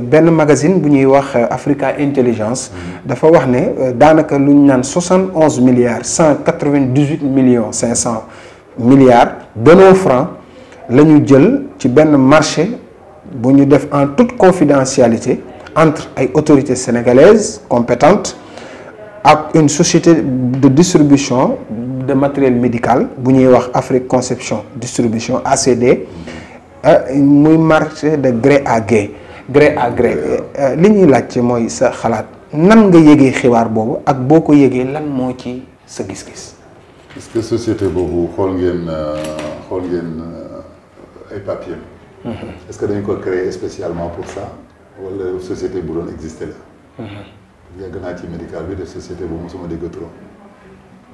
Ben magazine bu euh, Africa Intelligence mm-hmm. dafa wax né euh, danaka milliards 198 millions 500 milliards de francs marché def en toute confidentialité entre les autorités sénégalaises compétentes et une société de distribution de matériel médical qui Conception Distribution ACD mm-hmm. un marché de gré à gré gré à gré euh, li ñuy laaj ci mooy sa xalaat nan nga yëgee xibaar boobu ak boo ko yëgee lan moo ci sa gis-gis. est que société boobu xool ngeen euh, xool ngeen euh, ay papiers. Mm-hmm. est-ce que dañu ko créer spécialement pour ça wala société bu doon existe la. Mm-hmm. yàgg naa ci médical bi de société bu mosuma dégg trop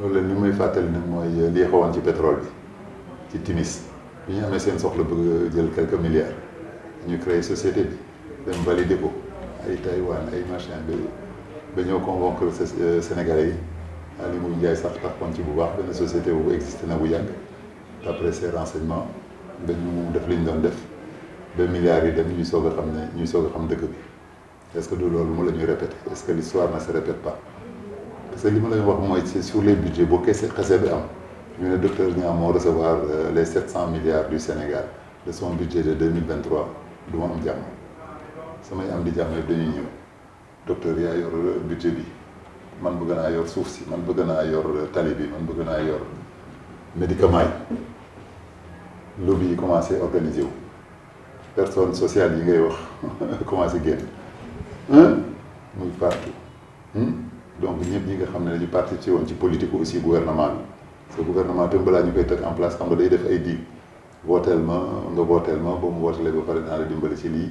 loolu leen li may fàttali nag mooy li xewoon ci pétrole bi ci Tunis bi ñu amee seen soxla bëgg jël quelques milliards ñu créer société bi. dem valider ko ay Taïwan ay machin ba ba ñoo convaincre euh, Sénégalais yi Aliou Ndiaye sax taxoon ci bu baax la société boobu existé na bu yàgg d'après ces renseignements ben ñu def li ñu doon def ba milliards yi dem ñuy soog xamné xam ne ñuy soog a xam dëkk bi est-ce que du loolu mu la ñuy répéter est-ce que l'histoire ne se répète pas parce que li ma lay wax mooy c'est sur les budgets boo kese c'est bi am ñu ne docteur Niang moo recevoir euh, les 700 milliards du Sénégal de son budget de 2023. du ma am jàmm. samay am di jàmm yëpp dañuy ñëw docteur yaa yor budget bi man bëgg naa yor suuf si man bëgg naa yor tali bi man bëgg naa yor médicament yi lobby yi commencé organisé personne personnes yi ngay wax commencé génn muy partout donc ñëpp ñi nga xam ne dañu participer woon ci politique aussi gouvernement bi parce que gouvernement tam balaa ñu koy teg en place xam nga day def ay diig wooteel ma nga wooteel ma ba mu wootelee ba pare naa la dimbali ci lii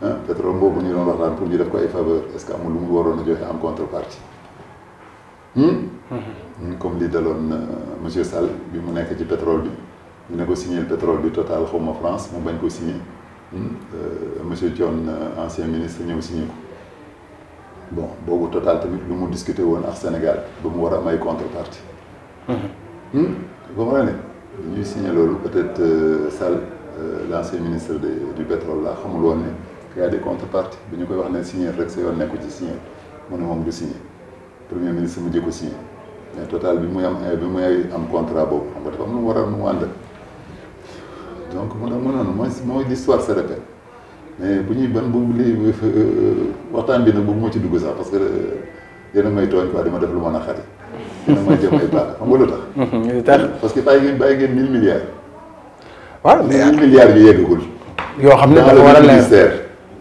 ah hein? pétrole boobu ñu doon waxtaan pour ñu def ko ay faveur est ce que amul lu mu waroon a joxe en contrepartie. Hmm? Mm-hmm. Hmm, comme li daloon euh, monsieur Sall bi mu nekk ci pétrole bi ñu ne ko signé pétrole bi total xaw ma France mu bañ ko signé hmm? euh, monsieur Thion euh, ancien ministre ñëw signé ko bon boobu total tamit lu mu discuté woon ak Sénégal ba mu war a am ay contrepartie. Mm-hmm. comprends ne ñuy signé loolu peut-être Sall l'ancien ministre du pétrole la xamul woon ne. y a des contreparties dañu koy wax ne signé rek sa yoon nekku ci signé mu ne du signé premier ministre mujjee ko signé mais total bi muy am eh, bi muy am contrat boobu xam nga dafa am lu mu war a mu ànd donc mu ne mu noonu mooy mooy l'histoire se répète mais bu ñuy ban bu lii euh, euh, waxtaan bi nag bëgguma ci dugg sax parce que euh, yéen may tooñ quoi dama def lu ma naqari yéen a ay xam nga lu tax. parce que ngeen ngeen milliards. mais milliards yu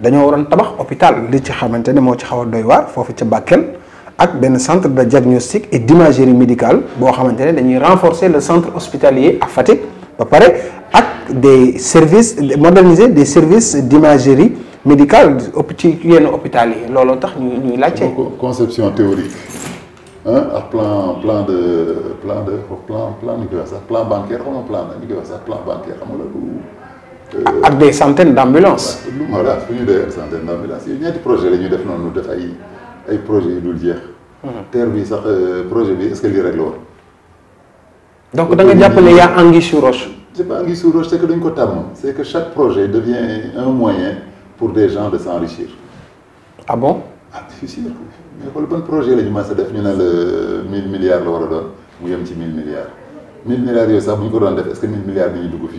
dañoo waroon tabax hôpital li ci xamante ne moo ci xaw a doy waar foofu ca Bakel ak benn centre de diagnostic et d'imagerie médicale boo xamante ne dañuy renforcer le centre hospitalier à Fatick ba pare ak des services moderniser des services d'imagerie médicale ci yenn hôpital yi looloo tax ñuy ñuy laajte. conception théorique ah Un hein, plan plan de plan de plan plan ni koy wax sax plan bancaire xam nga plan ñu koy wax sax plan bancaire xam nga avec des centaines d'ambulances. Nous voilà, des des d'ambulances. Il y a des projets les yooyu nous avons projets nous le mhm. terre bi euh, projet est ce que est rek donc vous avez déjà ne anguille roche. Ce n'est pas anguille sous roche c'est que dañ ko c'est que chaque projet devient un moyen pour des gens de s'enrichir ah bon. ah c'est il mais pour le bon projet il ñu a def 1000 euh, milliards il y a un mu 1000 milliards 1000 milliards yooyu sax est ce que 1000 milliards dañuy dugg fi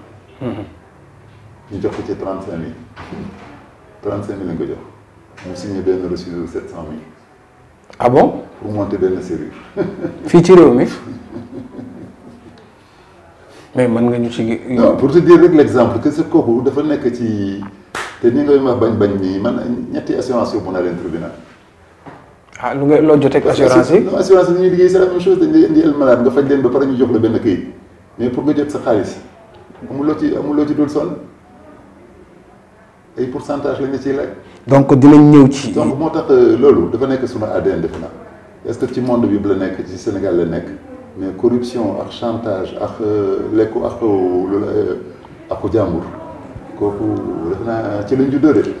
ñu jox ko ci trente cinq mille trente mille lañ ko jox mu signé benn reçu de sept mille. ah bon pour monter benn série. fii ci réew mi. mais mën nga ñu ci. non pour te dire rek l'exemple que sa kooku dafa nekk ci te ni nga ma bañ bañ nii man ñetti assurance yóbbu naa leen tribunal. ah lu nga loo jotee assurance yi assurance yi ñuy liggéey c'est la même chose dañ di indi malade nga faj leen ba pare ñu jox la benn këyit mais pour nga jot sa xaalis. Et ci pourcentage la Donc donc de ci. donc c'est tax euh, dafa ADN est-ce que ci monde bi la ci Sénégal la mais corruption ak chantage ak euh, lekku le, ak euh, de de.